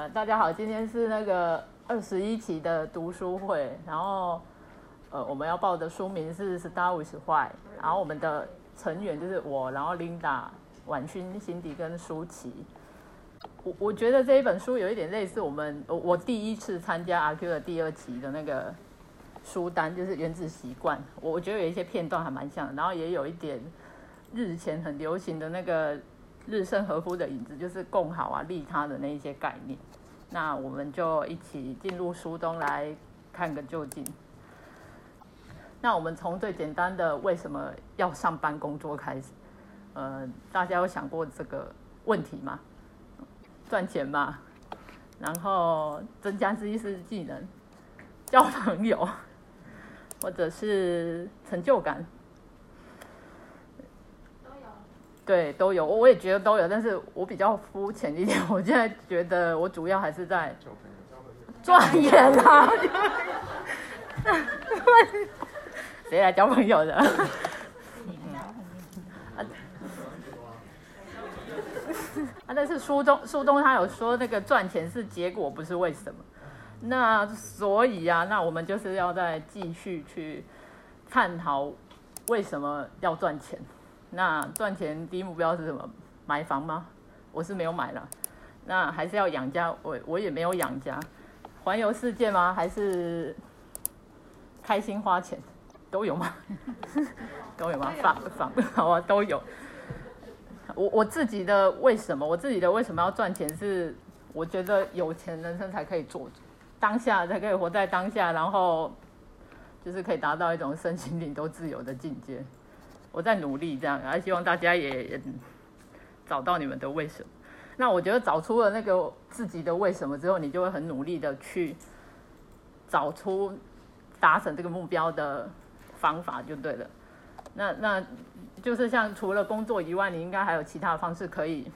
呃、大家好，今天是那個二十一期的讀書會，然後呃，我們要報的書名是《Start with Why》，然後我們的成員就是我，然後 Linda、婉君、辛迪跟舒淇。我我覺得這一本書有一點類似我們我我第一次參加阿 Q 的第二期的那個書單，就是《原子習慣》，我我覺得有一些片段還蠻像的，然後也有一點日前很流行的那個。稻盛和夫的影子，就是共好啊、利他的那一些概念，那我們就一起進入書中來看個究竟。那我們從最簡單的為什麼要上班工作開始，呃，大家有想過這個問題嗎？賺錢嘛，然後增加知識技能，交朋友，或者是成就感。對，都有，我也覺得都有，但是我比較膚淺一點，我現在覺得我主要還是在賺錢啦，誰 來交朋友的？ 啊，但是書中書中他有說那個賺錢是結果，不是為什麼，那所以啊，那我們就是要再繼續去探討為什麼要賺錢。那賺錢第一目標是什麼？買房嗎？我是沒有買了。那還是要養家，我我也沒有養家。環遊世界嗎？還是開心花錢，都有嗎？ 都有嗎？ 都有嗎 房房好啊，都有。我我自己的為什麼？我自己的為什麼要賺錢？是我覺得有錢人生才可以做，當下才可以活在當下，然後就是可以達到一種身心靈都自由的境界。我在努力這樣，而、啊、希望大家也，也找到你們的為什麼。那我覺得找出了那個自己的為什麼之後，你就會很努力的去找出達成這個目標的方法，就對了。那那就是像除了工作以外，你應該還有其他方式可以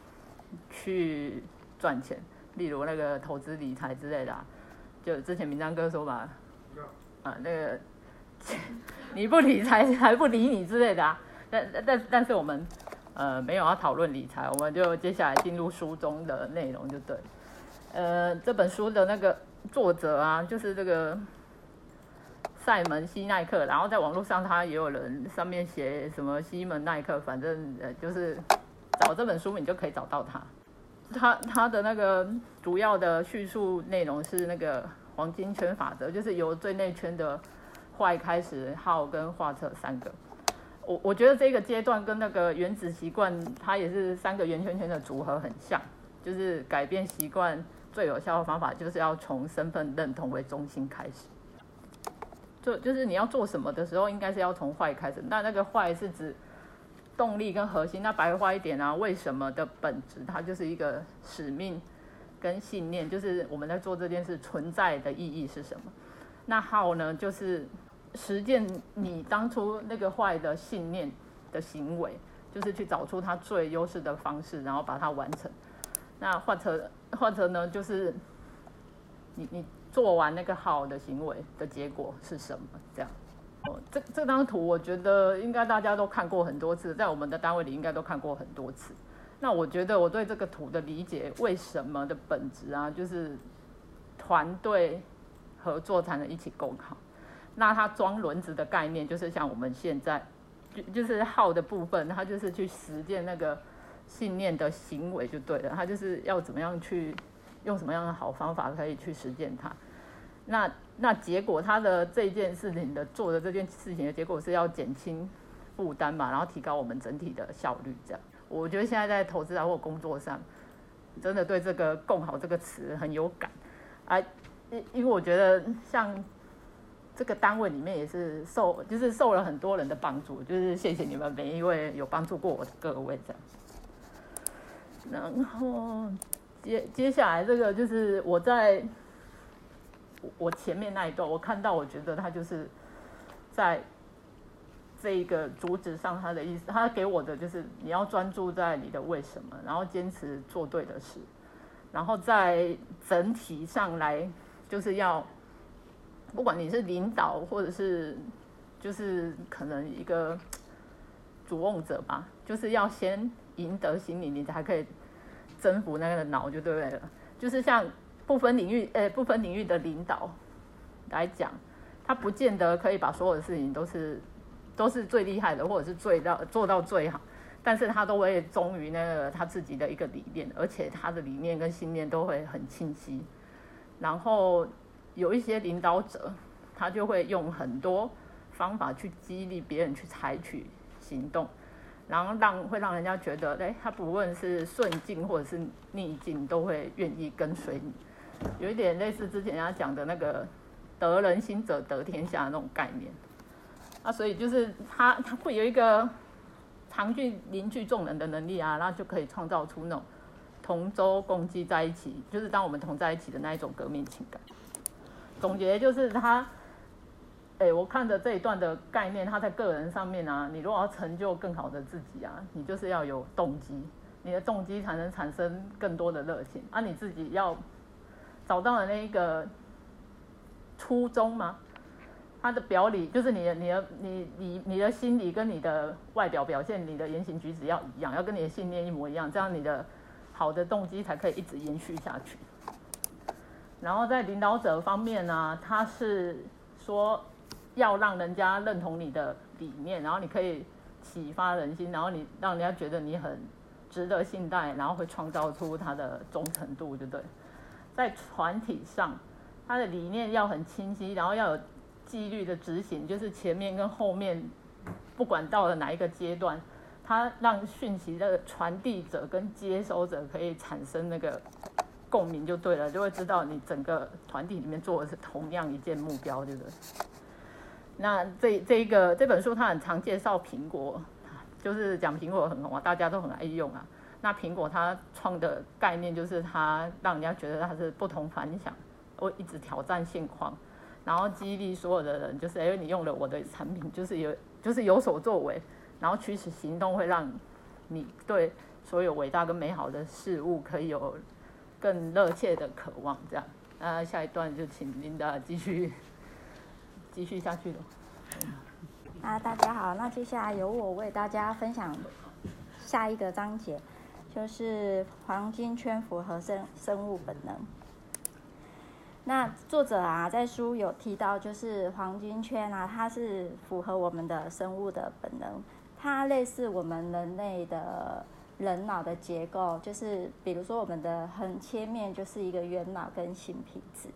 去賺錢，例如那個投資理財之類的，啊。就之前明章哥說吧，啊那個。 你不理財，財不理你之類的啊。但但但是我們呃沒有要討論理財，我們就接下來進入書中的內容就對。呃，這本書的那個作者啊，就是這個賽門西奈克。然後在網絡上他也有人上面寫什麼西門奈克，反正呃就是找這本書你就可以找到他。他他的那個主要的敘述內容是那個黃金圈法則，就是由最內圈的，Why 開始，How 跟 What 三個，我我覺得這個階段跟那個原子習慣，它也是三個圓圈圈的組合很像，就是改變習慣最有效的方法，就是要從身份認同為中心開始。做就，就是你要做什麼的時候，應該是要從 Why 開始。那那個 Why 是指動力跟核心，那白話一點啊，為什麼的本質，它就是一個使命跟信念，就是我們在做這件事存在的意義是什麼？那 How 呢，就是。實踐你當初那個壞的信念的行為，就是去找出它最優勢的方式，然後把它完成。那換成換成呢，就是你你做完那個好的行為的結果是什麼？這樣哦，這這張圖我覺得應該大家都看過很多次，在我們的單位裡應該都看過很多次。那我覺得我對這個圖的理解，為什麼的本質啊，就是團隊合作才能一起共好。那它裝輪子的概念，就是像我們現在，就就是“好”的部分，它就是去實踐那個信念的行為就對了。它就是要怎麼樣去用什麼樣的好方法可以去實踐它。那那結果，他的這件事情的做的這件事情的結果是要減輕負擔嘛，然後提高我們整體的效率。這樣，我覺得現在在投資上或工作上，真的對這個“共好”這個詞很有感啊。因因為我覺得像。這個單位裡面也是受，就是受了很多人的幫助，就是謝謝你們每一位有幫助過我的各位這樣。然後接接下來這個就是我在我前面那一段，我看到我覺得他就是在這一個主旨上，他的意思，他給我的就是你要專注在你的為什麼，然後堅持做對的事，然後在整體上來就是要。不管你是領導，或者是就是可能一個主控者吧，就是要先贏得心理，你才可以征服那個腦，就對了。就是像不分領域，呃、欸，不分領域的領導來講，他不見得可以把所有的事情都是都是最厲害的，或者是最到做到最好，但是他都會忠於那個他自己的一個理念，而且他的理念跟信念都會很清晰，然後。有一些領導者，他就會用很多方法去激勵別人去採取行動，然後讓會讓人家覺得，哎、欸，他不論是順境或者是逆境，都會願意跟隨你。有一點類似之前他講的那個“得人心者得天下”那種概念。啊，所以就是他他會有一個常去凝聚眾人的能力啊，那就可以創造出那種同舟共濟在一起，就是當我們同在一起的那一種革命情感。總結就是他，哎、欸，我看着這一段的概念，他在個人上面啊，你如果要成就更好的自己啊，你就是要有動機，你的動機才能產生更多的熱情，而、啊、你自己要找到的那一個初衷嘛，他的表裡就是你的、你的、你、你、你的心裡跟你的外表表現、你的言行舉止要一樣，要跟你的信念一模一樣，這樣你的好的動機才可以一直延續下去。然後在領導者方面呢、啊，他是說要讓人家認同你的理念，然後你可以啟發人心，然後你讓人家覺得你很值得信賴，然後會創造出他的忠誠度，對不對？在團體上，他的理念要很清晰，然後要有紀律的執行，就是前面跟後面，不管到了哪一個階段，他讓訊息的傳遞者跟接收者可以產生那個。共鳴就對了，就會知道你整個團體裡面做的是同樣一件目標，對不對？那這這一個這本書它很常介紹蘋果，就是講蘋果很紅啊，大家都很愛用啊。那蘋果它創的概念就是它讓人家覺得它是不同凡響，我一直挑戰現況，然後激勵所有的人，就是、哎、因為你用了我的產品，就是有就是有所作為，然後驅使行動，會讓你對所有偉大跟美好的事物可以有。更熱切的渴望，這樣，那下一段就請琳 i 繼續，繼續下去了。那大家好，那接下來由我為大家分享下一個章節，就是黃金圈符合生生物本能。那作者啊，在書有提到，就是黃金圈啊，它是符合我們的生物的本能，它類似我們人類的。人腦的結構就是，比如說我們的橫切面就是一個圓腦跟新皮質，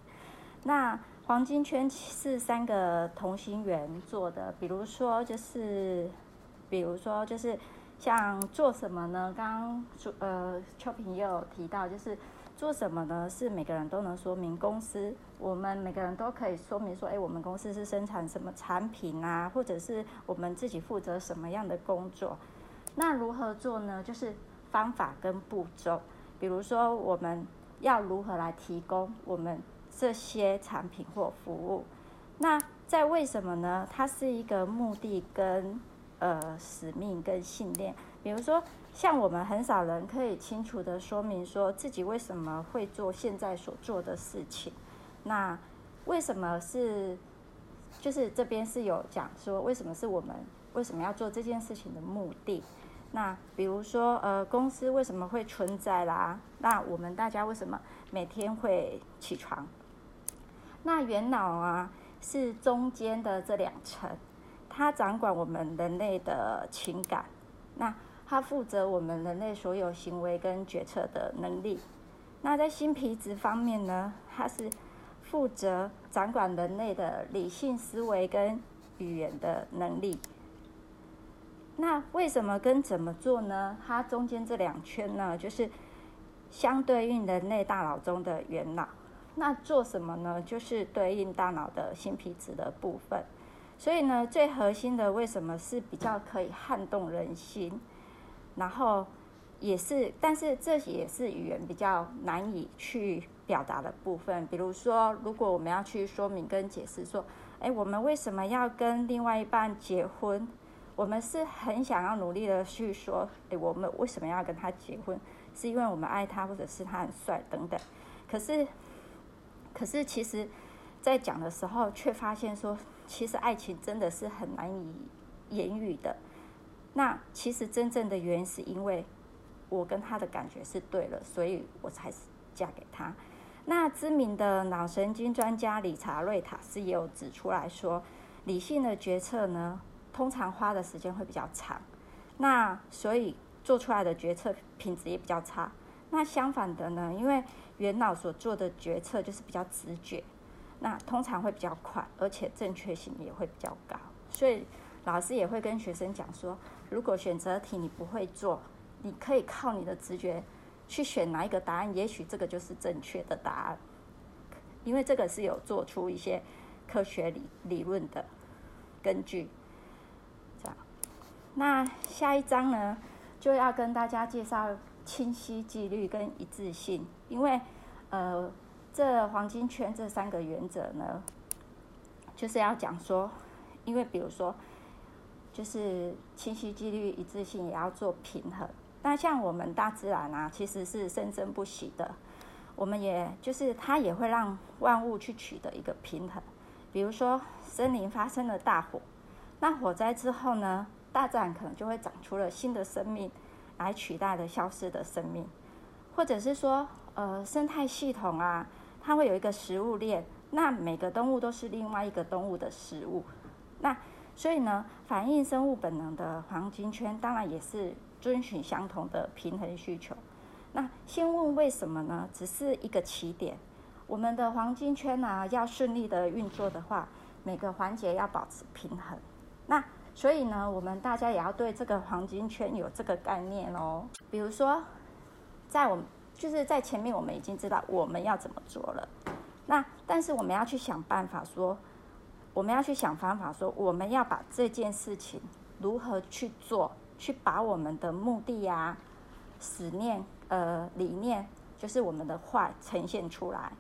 那黃金圈是三個同心圓做的。比如說就是，比如說就是像做什麼呢？剛剛呃秋平也有提到，就是做什麼呢？是每個人都能說明公司，我們每個人都可以說明說，哎、欸，我們公司是生產什麼產品啊，或者是我們自己負責什麼樣的工作。那如何做呢？就是方法跟步驟，比如說我們要如何來提供我們這些產品或服務。那在為什麼呢？它是一個目的跟呃使命跟信念。比如說，像我們很少人可以清楚地說明說自己為什麼會做現在所做的事情。那為什麼是？就是這邊是有講說為什麼是我們為什麼要做這件事情的目的。那比如說，呃，公司為什麼會存在啦？那我們大家為什麼每天會起床？那元腦啊，是中間的這兩層，它掌管我們人類的情感，那它負責我們人類所有行為跟決策的能力。那在新皮質方面呢，它是負責掌管人類的理性思維跟語言的能力。那為什麼跟怎麼做呢？它中間這兩圈呢，就是相對應人類大腦中的元腦。那做什麼呢？就是對應大腦的新皮質的部分。所以呢，最核心的為什麼是比較可以撼動人心，然後也是，但是這也是語言比較難以去表達的部分。比如說，如果我們要去說明跟解釋說，哎、欸，我們為什麼要跟另外一半結婚？我們是很想要努力的去說，誒，我們為什麼要跟他結婚，是因為我們愛他，或者是他很帥等等。可是，可是其實，在講的時候，卻發現說，其實愛情真的是很難以言語的。那其實真正的原因是因為我跟他的感覺是對了，所以我才嫁給他。那知名的腦神經專家理查瑞塔斯也有指出來說，理性的決策呢，通常花的時間會比較長，那所以做出來的決策品質也比較差。那相反的呢？因為人腦所做的決策就是比較直覺，那通常會比較快，而且正確性也會比較高。所以老師也會跟學生講說，如果選擇題你不會做，你可以靠你的直覺去選哪一個答案，也許這個就是正確的答案。因為這個是有做出一些科學理理論的根據。那下一章呢，就要跟大家介紹清晰、紀律跟一致性。因為，呃，這黃金圈這三個原則呢，就是要講說，因為比如說，就是清晰、紀律、一致性也要做平衡。那像我們大自然啊，其實是生生不息的，我們也就是它也會讓萬物去取得一個平衡。比如說，森林發生了大火，那火災之後呢，大自然可能就會長出了新的生命，來取代了消失的生命，或者是說，呃，生態系統啊，它會有一個食物鏈，那每個動物都是另外一個動物的食物，那所以呢，反映生物本能的黃金圈，當然也是遵循相同的平衡需求。那先問為什麼呢？只是一個起點。我們的黃金圈啊，要順利的運作的話，每個環節要保持平衡。那所以呢，我們大家也要對這個黃金圈有這個概念哦。比如說，在我們就是在前面，我們已經知道我們要怎麼做了。那但是我們要去想辦法說，我們要去想方法說，我們要把這件事情如何去做，去把我們的目的呀、思念、理念、呃、理念，就是我們的 Why 呈現出來。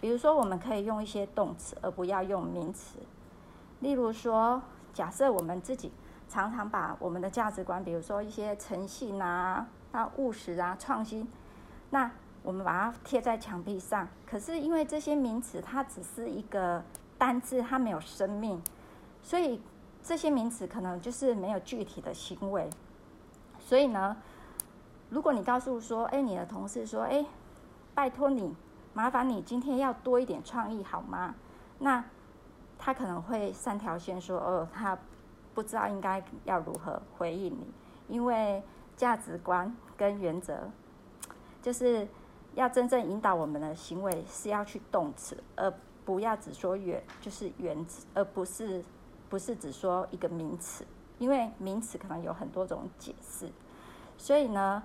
比如說，我們可以用一些動詞，而不要用名詞。例如說。假設我們自己常常把我們的價值觀，比如說一些誠信啊、啊務實啊、創新，那我們把它貼在牆壁上。可是因為這些名詞它只是一個單字，它沒有生命，所以這些名詞可能就是沒有具體的行為。所以呢，如果你告訴說，哎，你的同事說，哎，拜托你，麻煩你今天要多一點創意好嗎？那他可能會三條線說：“哦，他不知道應該要如何回應你，因為價值觀跟原則就是要真正引導我們的行為是要去動詞，而不要只說原就是原則，而不是不是只說一個名詞，因為名詞可能有很多種解釋。所以呢，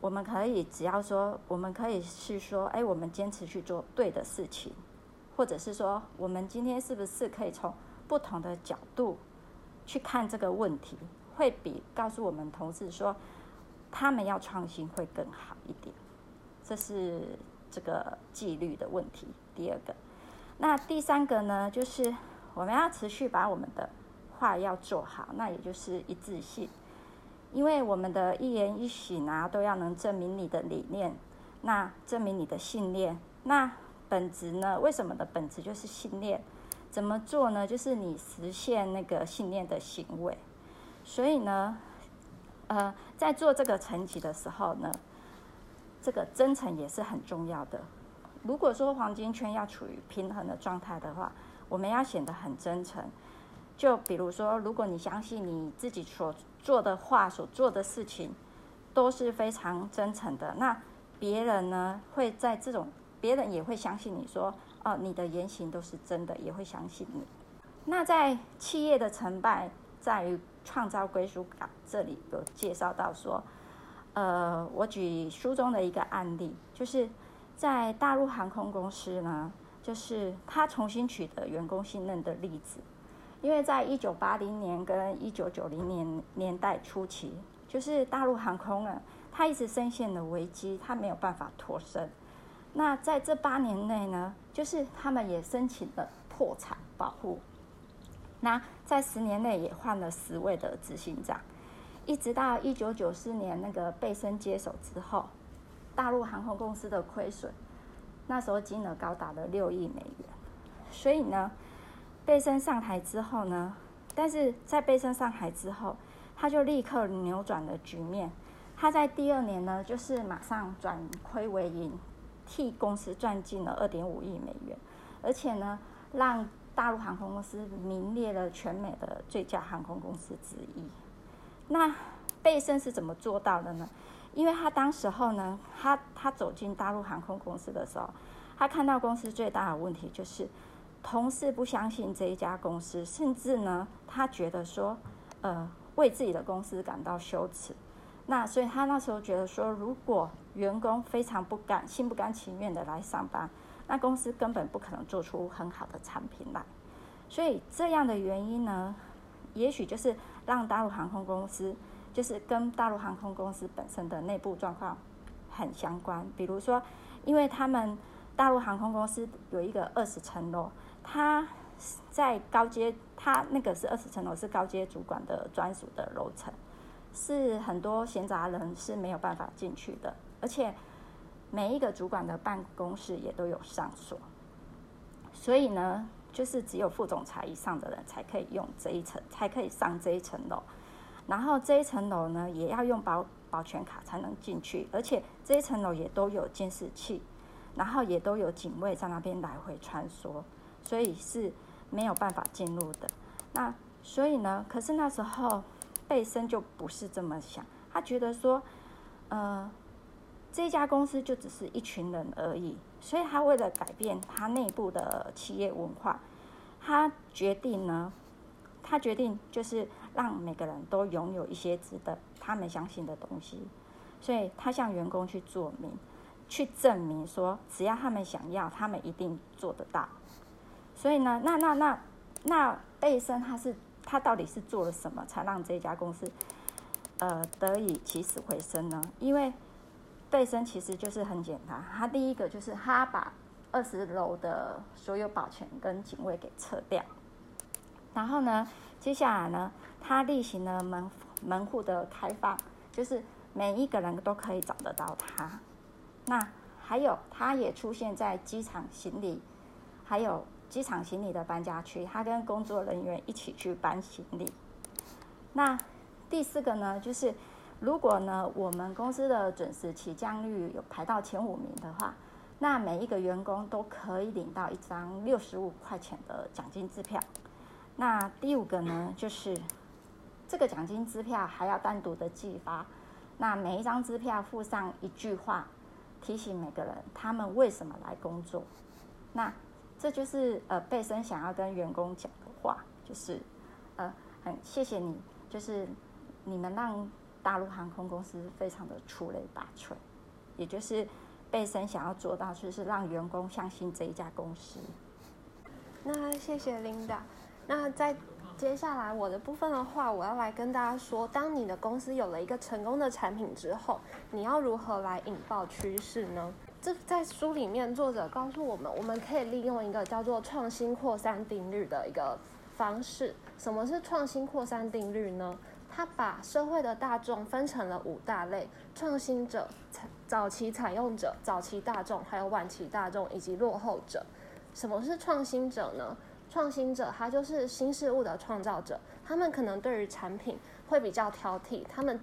我們可以只要說，我們可以是說，哎，我們堅持去做對的事情。”或者是說，我們今天是不是可以從不同的角度去看這個問題，會比告訴我們同事說他們要創新會更好一點？這是這個紀律的問題。第二個，那第三個呢，就是我們要持續把我們的話要做好，那也就是一致性，因為我們的一言一行呢，啊，都要能證明你的理念，那證明你的信念，那。本質呢？為什麼的本質就是信念。怎麼做呢？就是你實現那個信念的行為。所以呢，呃，在做這個層級的時候呢，這個真誠也是很重要的。如果說黃金圈要處於平衡的狀態的話，我們要顯得很真誠。就比如說，如果你相信你自己所做的話、所做的事情都是非常真誠的，那別人呢會在這種。別人也會相信你說，哦，你的言行都是真的，也會相信你。那在企業的成敗在於創造歸屬感，這裡有介紹到說，呃，我舉書中的一個案例，就是在大陸航空公司呢，就是他重新取得員工信任的例子。因為在一九八零年跟一九九零年年代初期，就是大陸航空呢，他一直深陷了危機，他沒有辦法脫身。那在這八年內呢，就是他們也申請了破產保護。那在十年內也換了十位的執行長，一直到一九九四年那個貝森接手之後，大陸航空公司的虧損，那時候金額高達了六億美元。所以呢，貝森上台之後呢，但是在貝森上台之後，他就立刻扭轉了局面。他在第二年呢，就是馬上轉虧為盈。替公司賺進了二點五億美元，而且呢，讓大陸航空公司名列了全美的最佳航空公司之一。那貝森是怎麼做到的呢？因為他當時候呢，他他走進大陸航空公司的時候，他看到公司最大的問題就是，同事不相信這一家公司，甚至呢，他覺得說，呃，為自己的公司感到羞恥。那所以他那時候覺得說，如果員工非常不甘心、不甘情願的來上班，那公司根本不可能做出很好的產品來。所以這樣的原因呢，也許就是讓大陸航空公司，就是跟大陸航空公司本身的內部狀況很相關。比如說，因為他們大陸航空公司有一個二十層樓，他在高階，他那個是二十層樓是高階主管的專屬的樓層。是很多閒雜人是沒有辦法進去的，而且每一個主管的辦公室也都有上鎖，所以呢，就是只有副總裁以上的人才可以用這一層，才可以上這一層樓。然後這一層樓呢，也要用保保全卡才能進去，而且這一層樓也都有監視器，然後也都有警衛在那邊來回穿梭，所以是沒有辦法進入的。那所以呢，可是那時候。貝森就不是這麼想，他覺得說，嗯、呃，這家公司就只是一群人而已，所以他為了改變他內部的企業文化，他決定呢，他決定就是讓每個人都擁有一些值得他們相信的東西，所以他向員工去做名去證明說，只要他們想要，他們一定做得到，所以呢，那那那那貝森他是。他到底是做了什麼，才讓這家公司，呃，得以起死回生呢？因為背身其實就是很簡單，他第一個就是他把二十樓的所有保全跟警衛給撤掉，然後呢，接下來呢，他例行的門門戶的開放，就是每一個人都可以找得到他。那還有，他也出現在機場行李，還有。機場行李的搬家區，他跟工作人員一起去搬行李。那第四個呢，就是如果呢，我們公司的準時起降率有排到前五名的話，那每一個員工都可以領到一張六十五塊錢的獎金支票。那第五個呢，就是這個獎金支票還要單獨的寄發，那每一張支票附上一句話，提醒每個人他們為什麼來工作。那這就是呃貝森想要跟員工講的話，就是，呃，很、嗯、謝謝你，就是你們讓大陸航空公司非常的出類拔萃，也就是貝森想要做到，就是讓員工相信這一家公司。那謝謝 Linda。那在接下來我的部分的話，我要來跟大家說，當你的公司有了一個成功的產品之後，你要如何來引爆趨勢呢？這在書裡面，作者告訴我們，我們可以利用一個叫做“創新擴散定律”的一個方式。什麼是創新擴散定律呢？它把社會的大眾分成了五大類：創新者、採早期採用者、早期大眾、還有晚期大眾以及落後者。什麼是創新者呢？創新者他就是新事物的創造者，他們可能對於產品會比較挑剔，他們。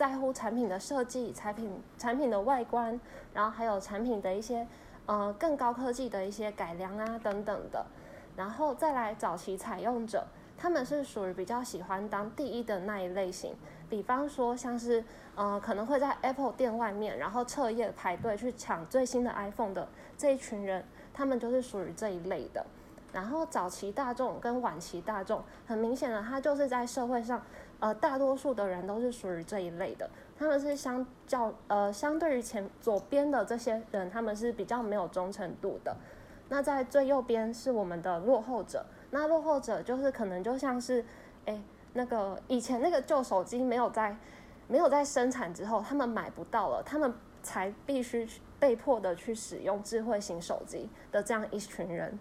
在乎產品的設計、產品產品的外觀，然後還有產品的一些呃更高科技的一些改良啊等等的，然後再來早期採用者，他們是屬於比較喜歡當第一的那一類型，比方說像是呃可能會在 Apple 店外面，然後徹夜排隊去搶最新的 iPhone 的這一群人，他們就是屬於這一類的。然後早期大眾跟晚期大眾，很明顯的他就是在社會上。呃，大多數的人都是屬於這一類的，他們是相較呃，相對於前左邊的這些人，他們是比較沒有忠誠度的。那在最右邊是我們的落後者，那落後者就是可能就像是，哎，那個以前那個舊手機沒有在，沒有在生產之後，他們買不到了，他們才必須被迫的去使用智慧型手機的這樣一群人。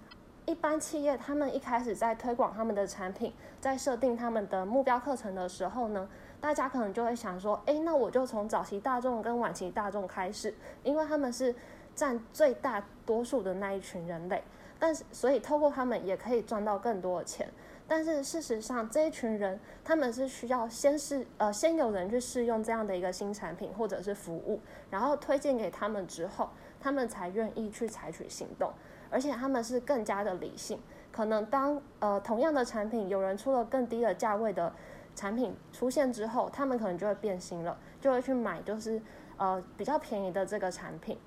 一般企業，他們一開始在推廣他們的產品，在設定他們的目標課程的時候呢，大家可能就會想說，哎，那我就從早期大眾跟晚期大眾開始，因為他們是佔最大多數的那一群人類。但是，所以透過他們也可以賺到更多的錢。但是事實上，這一群人他們是需要先試呃先有人去試用這樣的一個新產品或者是服務，然後推薦給他們之後，他們才願意去採取行動。而且他們是更加的理性，可能當呃同樣的產品有人出了更低的價位的產品出現之後，他們可能就會變心了，就會去買，就是呃比較便宜的這個產品。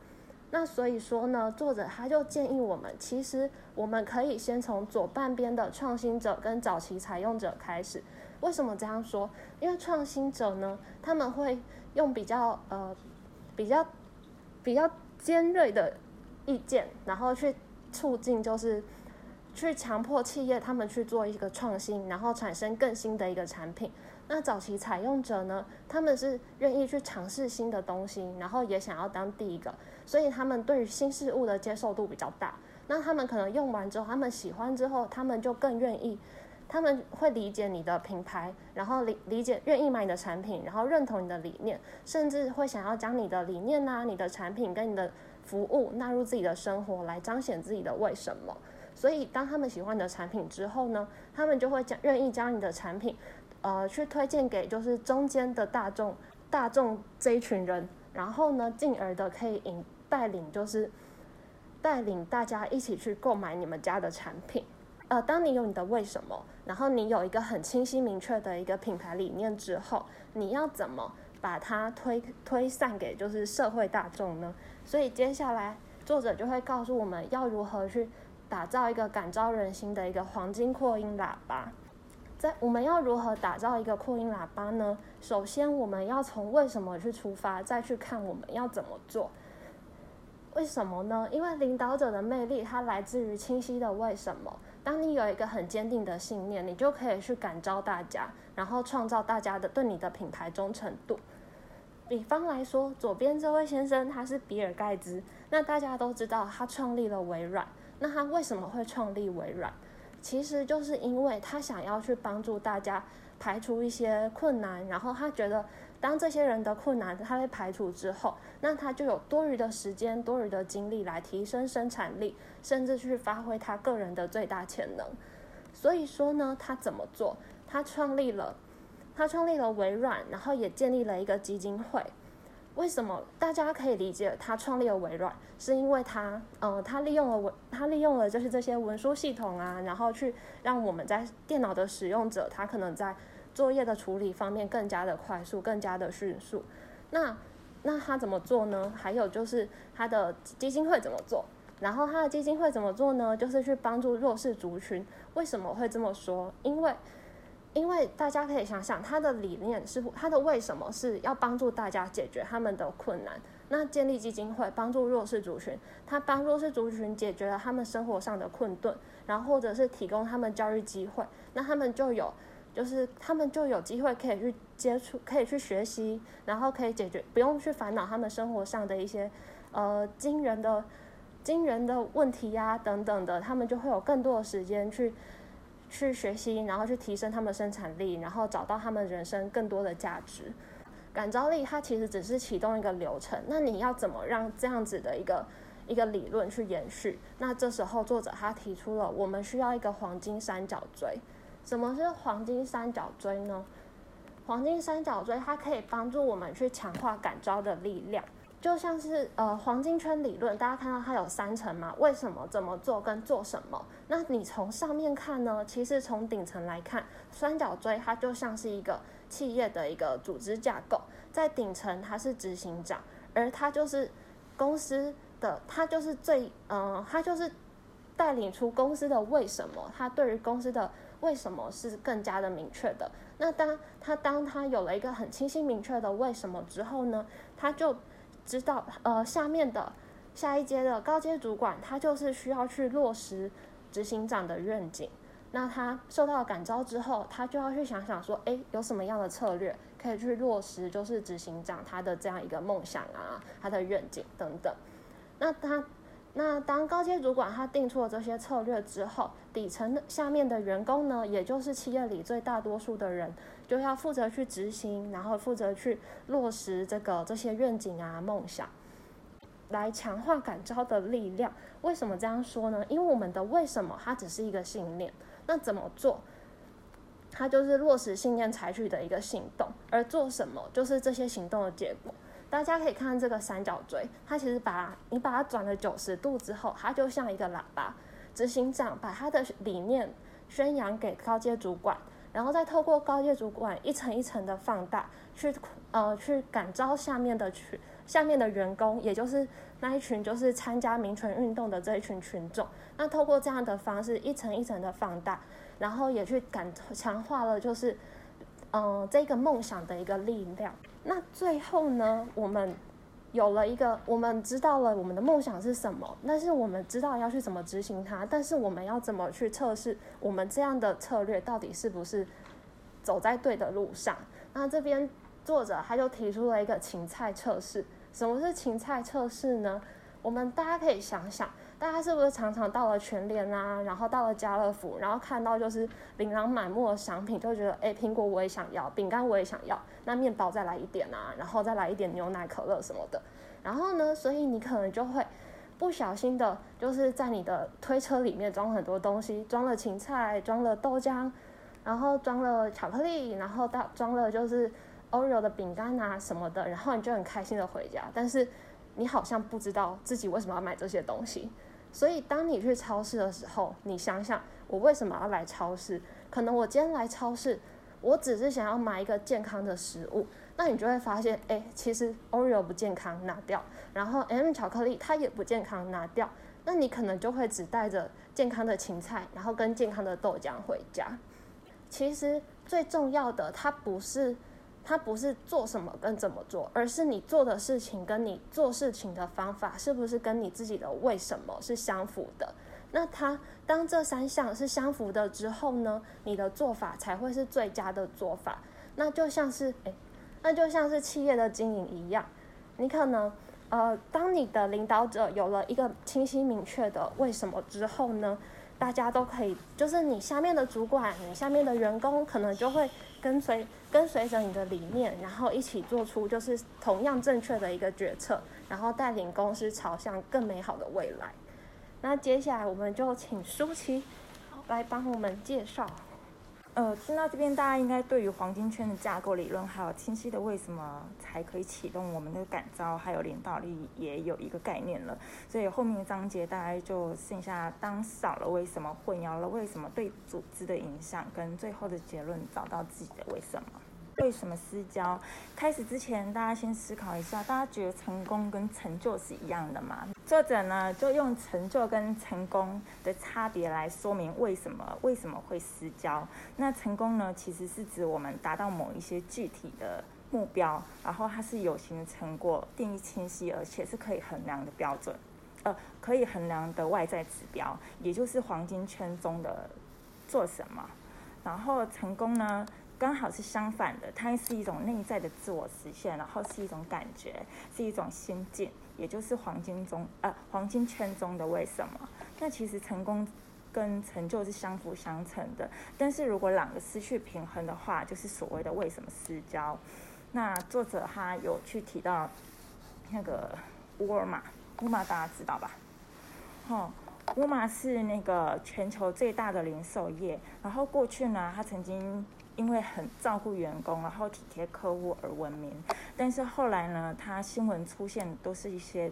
那所以說呢，作者他就建議我們，其實我們可以先從左半邊的創新者跟早期採用者開始。為什麼這樣說？因為創新者呢，他們會用比較呃比較比較尖銳的意見，然後去。促進就是去強迫企業他們去做一個創新，然後產生更新的一個產品。那早期採用者呢，他們是願意去嘗試新的東西，然後也想要當第一個，所以他們對於新事物的接受度比較大。那他們可能用完之後，他們喜歡之後，他們就更願意，他們會理解你的品牌，然後理理解願意買你的產品，然後認同你的理念，甚至會想要將你的理念吶、啊、你的產品跟你的。服務納入自己的生活，來彰顯自己的為什麼，所以當他們喜歡你的產品之後呢，他們就會將願意將你的產品，呃，去推薦給就是中間的大眾大眾這一群人，然後呢，進而的可以引帶領就是帶領大家一起去購買你們家的產品。呃，當你有你的為什麼，然後你有一個很清晰明確的一個品牌理念之後，你要怎麼？把它推推散給就是社會大眾呢，所以接下來作者就會告訴我們要如何去打造一個感召人心的一個黃金擴音喇叭。在我們要如何打造一個擴音喇叭呢？首先我們要從為什麼去出發，再去看我們要怎麼做。為什麼呢？因為領導者的魅力它來自於清晰的為什麼。當你有一個很堅定的信念，你就可以去感召大家，然後創造大家的對你的品牌忠誠度。比方來說，左邊這位先生他是比爾蓋茨，那大家都知道他創立了微軟。那他為什麼會創立微軟？其實就是因為他想要去幫助大家排除一些困難，然後他覺得當這些人的困難他被排除之後，那他就有多餘的時間、多餘的精力來提升生產力，甚至去發揮他個人的最大潛能。所以說呢，他怎麼做？他創立了。他創立了微軟，然後也建立了一個基金會。為什麼大家可以理解他創立了微軟，是因為他，呃，他利用了文，他利用了就是這些文書系統啊，然後去讓我們在電腦的使用者，他可能在作業的處理方面更加的快速，更加的迅速。那那他怎麼做呢？還有就是他的基金會怎麼做？然後他的基金會怎麼做呢？就是去幫助弱勢族群。為什麼會這麼說？因為。因為大家可以想想，他的理念是他的為什麼是要幫助大家解決他們的困難，那建立基金會幫助弱勢族群，他幫弱勢族群解決了他們生活上的困頓，然後或者是提供他們教育機會，那他們就有，就是他們就有機會可以去接觸，可以去學習，然後可以解決，不用去煩惱他們生活上的一些呃金錢的金錢的問題呀、啊、等等的，他們就會有更多的時間去。去學習，然後去提升他們生產力，然後找到他們人生更多的價值。感召力，它其實只是啟動一個流程，那你要怎麼讓這樣子的一個一個理論去延續？那這時候作者他提出了，我們需要一個黃金三角錐。什麼是黃金三角錐呢？黃金三角錐它可以幫助我們去強化感召的力量。就像是呃黃金圈理論，大家看到它有三層嘛，為什麼、怎麼做跟做什麼？那你從上面看呢？其實從頂層來看，三角錐它就像是一個企業的一個組織架構，在頂層它是執行長，而它就是公司的，它就是最嗯、呃，它就是帶領出公司的為什麼。它對於公司的為什麼是更加的明確的。那當它當它有了一個很清晰明確的為什麼之後呢，它就知道，呃，下面的下一階的高階主管，他就是需要去落實執行長的願景。那他受到感召之後，他就要去想想說，誒，有什麼樣的策略可以去落實，就是執行長他的這樣一個夢想啊，他的願景等等。那他，那當高階主管他定出了這些策略之後，底層的下面的員工呢，也就是企業裡最大多數的人。就要負責去執行，然後負責去落實這個這些願景啊夢想，來強化感召的力量。為什麼這樣說呢？因為我們的為什麼它只是一個信念，那怎麼做？它就是落實信念採取的一個行動，而做什麼就是這些行動的結果。大家可以看這個三角錐，它其實把你把它轉了九十度之後，它就像一個喇叭，執行長把他的理念宣揚給高階主管。然後再透過高階主管一層一層的放大，去呃去感召下面的群，下面的員工，也就是那一群就是參加民權運動的這一群群眾。那透過這樣的方式一層一層的放大，然後也去感強化了就是，嗯、呃、這個夢想的一個力量。那最後呢，我們。有了一個，我們知道了我們的夢想是什麼，但是我們知道要去怎麼執行它，但是我們要怎麼去測試我們這樣的策略到底是不是走在對的路上？那這邊作者他就提出了一個芹菜測試。什麼是芹菜測試呢？我們大家可以想想。大家是不是常常到了全聯啊，然後到了家樂福，然後看到就是琳琅滿目的商品，就覺得誒，蘋果我也想要，餅乾我也想要，那麵包再來一點啊，然後再來一點牛奶、可樂什麼的。然後呢，所以你可能就會不小心的，就是在你的推車裡面裝很多東西，裝了芹菜，裝了豆漿，然後裝了巧克力，然後到裝了就是 Oreo 的餅乾啊什麼的，然後你就很開心的回家，但是你好像不知道自己為什麼要買這些東西。所以，當你去超市的時候，你想想我為什麼要來超市？可能我今天來超市，我只是想要買一個健康的食物。那你就會發現，哎、欸，其實 Oreo 不健康，拿掉；然後 M 巧克力它也不健康，拿掉。那你可能就會只帶着健康的芹菜，然後跟健康的豆漿回家。其實最重要的，它不是。它不是做什麼跟怎麼做，而是你做的事情跟你做事情的方法是不是跟你自己的為什麼是相符的？那它當這三項是相符的之後呢，你的做法才會是最佳的做法。那就像是誒、欸，那就像是企業的經營一樣，你可能呃，當你的領導者有了一個清晰明確的為什麼之後呢，大家都可以，就是你下面的主管，你下面的員工可能就會。跟隨跟隨着你的理念，然後一起做出就是同樣正確的一個決策，然後帶領公司朝向更美好的未來。那接下來我們就請舒淇來幫我們介紹。呃，聽到這邊，大家應該對於黃金圈的架構理論，還有清晰的為什麼才可以啟動我們的感召，還有領導力也有一個概念了。所以後面的章節大家就剩下當少了為什麼、混淆了為什麼對組織的影響，跟最後的結論找到自己的為什麼。為什麼私交？開始之前，大家先思考一下，大家覺得成功跟成就是一樣的嗎？作者呢，就用成就跟成功的差別來說明為什麼為什麼會私交。那成功呢，其實是指我們達到某一些具體的目標，然後它是有形的成果，定義清晰，而且是可以衡量的標準，呃，可以衡量的外在指標，也就是黃金圈中的做什麼。然後成功呢？剛好是相反的，它是一種內在的自我實現，然後是一種感覺，是一種心境，也就是黃金中呃黃金圈中的為什麼？那其實成功跟成就是相輔相成的，但是如果兩個失去平衡的話，就是所謂的為什麼失焦。那作者他有去提到那個沃爾瑪，沃爾瑪大家知道吧？哦，沃爾瑪是那個全球最大的零售業，然後過去呢，他曾經。因為很照顧員工，然後體貼客戶而聞名。但是後來呢，他新聞出現都是一些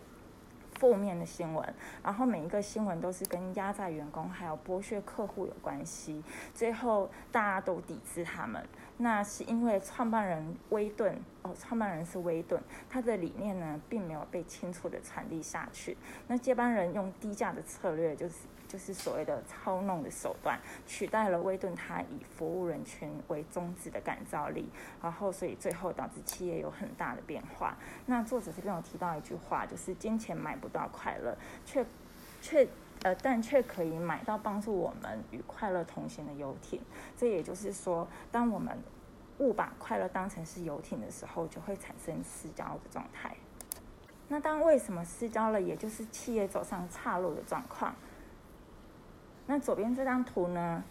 負面的新聞，然後每一個新聞都是跟壓榨員工還有剝削客戶有關係。最後大家都抵制他們。那是因為創辦人威頓哦，創辦人是威頓，他的理念呢並沒有被清楚地傳遞下去。那接班人用低價的策略就是。就是所謂的操弄的手段，取代了威頓他以服務人群為宗旨的感召力，然後所以最後導致企業有很大的變化。那作者這邊有提到一句話，就是金錢買不到快樂，卻卻呃但卻可以買到幫助我們與快樂同行的遊艇。這也就是說，當我們誤把快樂當成是遊艇的時候，就會產生失焦的狀態。那當為什麼失焦了，也就是企業走上岔路的狀況。那左邊這張圖呢？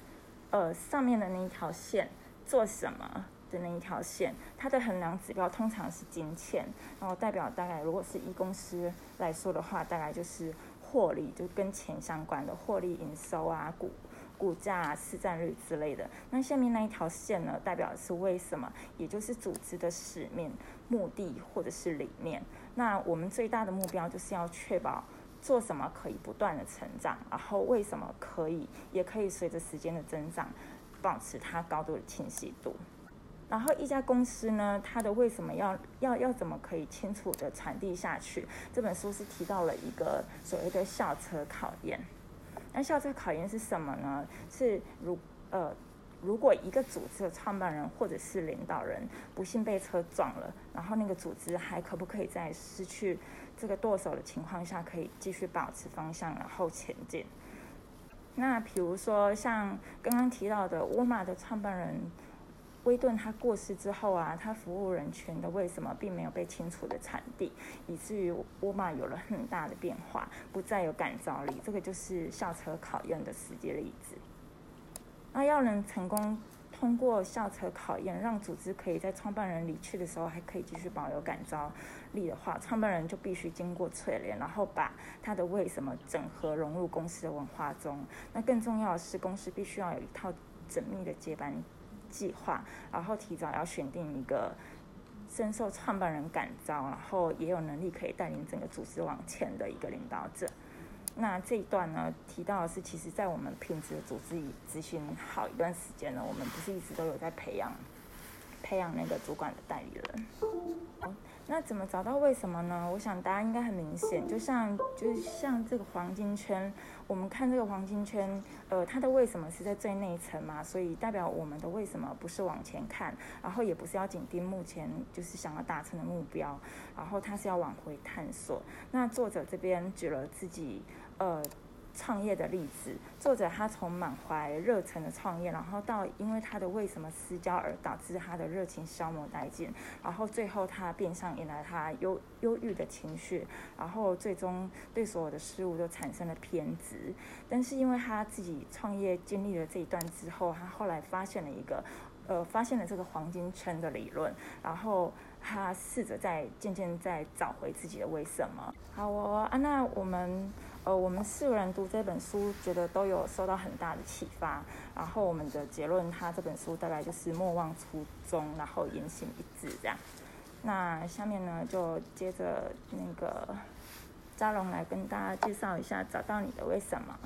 呃，上面的那一條線做什麼的那一條線？它的衡量指標通常是金錢，然後代表大概如果是一、e、公司來說的話，大概就是獲利，就跟錢相關的獲利、營收啊、股股價啊、市占率之類的。那下面那一條線呢，代表的是為什麼？也就是組織的使命、目的或者是理念。那我們最大的目標就是要確保。做什麼可以不斷的成長，然後為什麼可以，也可以隨着時間的增長，保持它高度的清晰度。然後一家公司呢，它的為什麼要要要怎麼可以清楚的傳遞下去？這本書是提到了一個所謂的校車考驗。那校車考驗是什麼呢？是如呃，如果一個組織的創辦人或者是領導人不幸被車撞了，然後那個組織還可不可以再失去？這個舵手的情況下，可以繼續保持方向，然後前進。那比如說，像剛剛提到的沃爾瑪的創辦人威頓，他過世之後啊，他服務人群的為什麼並沒有被清楚的產地，以至於沃爾瑪有了很大的變化，不再有感召力。這個就是校車考驗的實際例子。那要能成功。通過校車考驗，讓組織可以在創辦人離去的時候，還可以繼續保留感召力的話，創辦人就必須經過淬煉，然後把他的為什麼整合融入公司的文化中。那更重要的是，公司必須要有一套縝密的接班計劃，然後提早要選定一個深受創辦人感召，然後也有能力可以帶領整個組織往前的一個領導者。那這一段呢，提到的是，其實，在我們品質組織已諮詢好一段時間了，我們不是一直都有在培養，培養那個主管的代理人。嗯、那怎麼找到為什麼呢？我想大家應該很明顯，就像就是像這個黃金圈，我們看這個黃金圈，呃，它的為什麼是在最內層嘛，所以代表我們的為什麼不是往前看，然後也不是要緊盯目前就是想要達成的目標，然後它是要往回探索。那作者這邊舉了自己。呃，創業的例子，作者他從滿懷熱忱的創業，然後到因為他的為什麼失焦而導致他的熱情消磨殆盡，然後最後他變相引來他憂憂鬱的情緒，然後最終對所有的事物都產生了偏執。但是因為他自己創業經歷了這一段之後，他後來發現了一個，呃，發現了這個黃金圈的理論，然後他試着在漸漸在找回自己的為什麼。好哦，啊，那我們。呃，我們四個人讀這本書覺得都有受到很大的啟發。然後我們的結論，他這本書大概就是莫忘初衷，然後言行一致這樣。那下面呢，就接着那個扎龍來跟大家介紹一下找到你的為什麼。